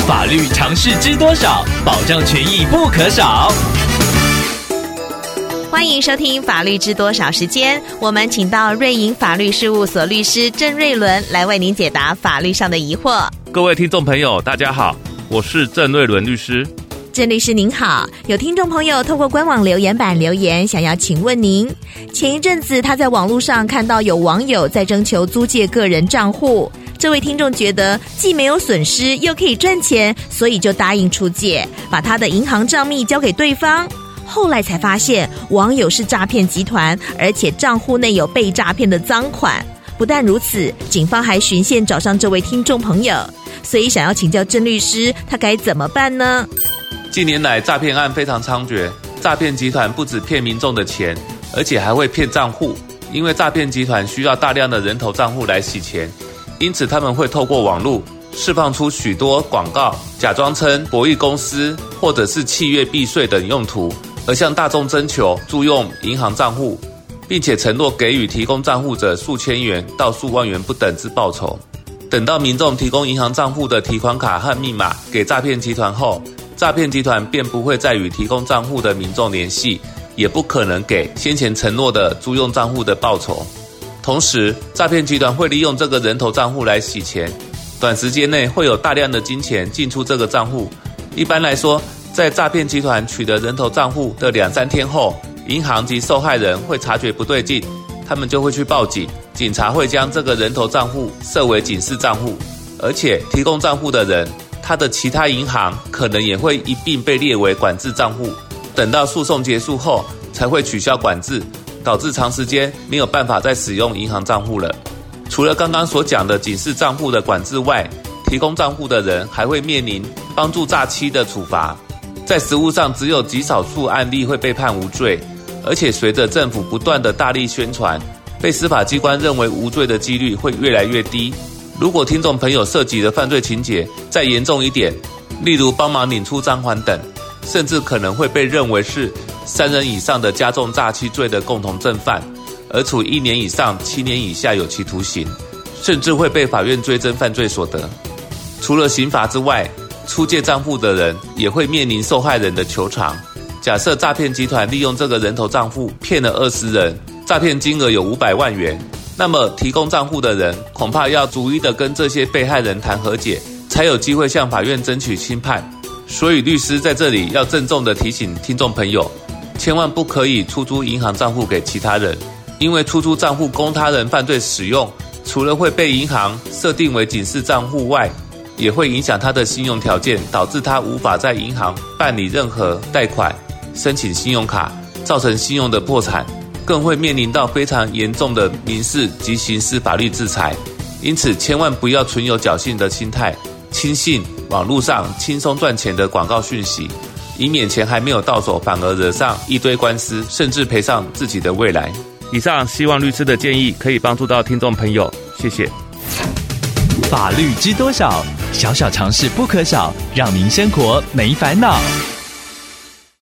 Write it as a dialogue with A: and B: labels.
A: 法律常識知多少，保障權益不可少。
B: 歡迎收聽《法律知多少》時間，我們請到瑞瀛法律事務所律師鄭瑞崙來為您解答法律上的疑惑。
A: 各位聽眾朋友，大家好，我是鄭瑞崙律師。
B: 鄭律師您好，有聽眾朋友透過官網留言板留言，想要請問您，前一陣子他在網絡上看到有網友在徵求租借個人賬戶。這位聽眾覺得既沒有損失又可以賺錢，所以就答應出借，把他的銀行賬密交給對方。後來才發現網友是詐騙集團，而且賬戶內有被詐騙的贓款。不但如此，警方還循線找上這位聽眾朋友，所以想要請教鄭律師，他該怎麼辦呢？
A: 近年來詐騙案非常猖獗，詐騙集團不只騙民眾的錢，而且還會騙賬戶，因為詐騙集團需要大量的人頭賬戶來洗錢。因此，他們會透過網絡釋放出許多廣告，假裝成博弈公司或者是企業避稅等用途，而向大眾徵求租用銀行賬戶，並且承諾給予提供賬戶者數千元到數萬元不等之報酬。等到民眾提供銀行賬戶的提款卡和密碼給詐騙集團後，詐騙集團便不會再與提供賬戶的民眾聯繫，也不可能給先前承諾的租用賬戶的報酬。同時，詐騙集團會利用這個人頭賬戶來洗錢，短時間內會有大量的金錢進出這個賬戶。一般來說，在詐騙集團取得人頭賬戶的兩三天後，銀行及受害人會察覺不對勁，他們就會去報警，警察會將這個人頭賬戶設為警示賬戶，而且提供賬戶的人他的其他銀行可能也會一併被列為管制賬戶，等到訴訟結束後才會取消管制。導致長時間沒有辦法再使用銀行賬戶了。除了剛剛所講的警示賬戶的管制外，提供賬戶的人還會面臨幫助詐欺的處罰。在實務上，只有極少數案例會被判無罪，而且隨着政府不斷的大力宣傳，被司法機關認為無罪的幾率會越來越低。如果聽眾朋友涉及的犯罪情節再嚴重一點，例如幫忙領出贓款等，甚至可能會被認為是，三人以上的加重詐欺罪的共同正犯，而處一年以上七年以下有期徒刑，甚至會被法院追徵犯罪所得。除了刑罰之外，出借賬戶的人也會面臨受害人的求償。假設詐騙集團利用這個人頭賬戶騙了二十人，詐騙金額有五百萬元，那麼提供賬戶的人恐怕要逐一的跟這些被害人談和解，才有機會向法院爭取輕判。所以，律師在這裡要鄭重的提醒聽眾朋友。千萬不可以出租銀行賬戶給其他人，因為出租賬戶供他人犯罪使用，除了會被銀行設定為警示賬戶外，也會影響他的信用條件，導致他無法在銀行辦理任何貸款、申請信用卡，造成信用的破產，更會面臨到非常嚴重的民事及刑事法律制裁。因此，千萬不要存有僥倖的心態，輕信網絡上輕鬆賺錢的廣告訊息。以免錢還沒有到手，反而惹上一堆官司，甚至賠上自己的未來。以上希望律師的建議可以幫助到聽眾朋友，謝謝。法律知多少？小小常識不可少，讓您生活沒煩惱。